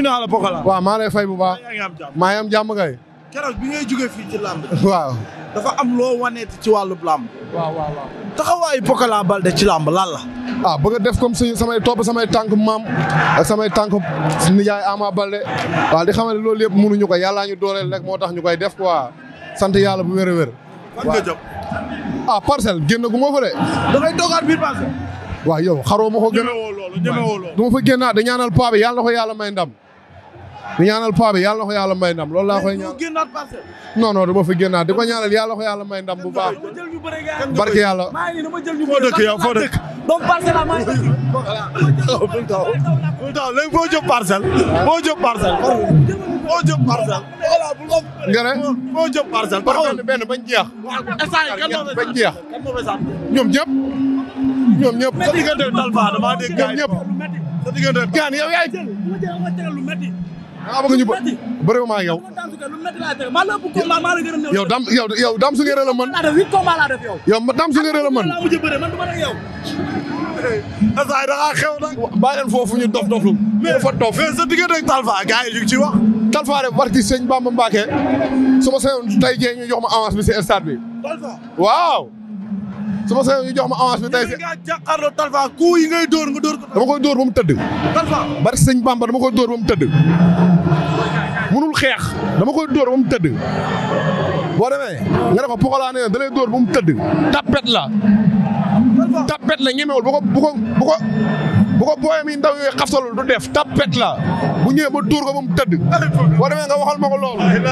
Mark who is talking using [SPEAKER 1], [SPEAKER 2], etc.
[SPEAKER 1] naa la Pokola waaw fay bu baax maa ngi am jàmm bi ngay jógee fii ci làmb. waaw dafa am loo waneeti ci wàllu làmb. waaw waaw waaw. ci làmb lan la. ah bëgg def kom suñu samay topp samay tànk maam ak samay tànk nijaay Ama Baldé waaw di xamal loolu yëpp mënuñu ko yàllaa ñu dooleel rek moo tax ñu koy def quoi sant yàlla bu wér a wér. fan génn gu ma fa de. da yow xaroo ma ko gën a. ñemewoo loolu ñemewoo loolu. ñaanal paa bi yàlla na ko yàlla may ndam di ñaanal paa bi yàlla ko yàlla may ndam loolu laa koy ñaan non non du ma fi génnaat di ko ñaanal yàlla na ko yàlla may ndam bu baax barke yàlla foo dëkk yow foo dëkk doomu parcelle la maa ngi bul taw bul taw léegi boo jóg parcelle boo jóg parcelle boo jóg parcelle nga ne boo jóg parcelle par benn benn jeex ñoom ñëpp ñoom ah bëgg ñu bë bëriwul maa yow. yow daam yow yow daam su ngeen la mën. yow daam su ngeen la mën. asaay da ngaa xew nag. bàyyi leen foofu ñu dof dof lu. mais fa dof mais sa diggante ak Talfa gars yi ñu ngi ciy wax. Talfa rek barki sëñ Bamba Mbacke su ma seyoon tey jii ñu jox ma avance bi si stade bi. Talfa waaw. su ma sañoon jox ma avance bi tey si nga jàkkaarloo Talfa yi ngay dóor nga dóor ko dama koy dóor ba mu tëdd Talfa bari sëñ Bamba dama koy dóor ba mu tëdd munul xeex dama koy dóor ba mu tëdd boo demee nga ne ko poxalaa nee da ba mu tëdd tapet la la ñemewul bu ko bu ko bu ko bu ko booyam yi ndaw yooyu xaftalul du def tapet la bu ñëwee ba dóor ko ba mu tëdd boo demee nga waxal ma ko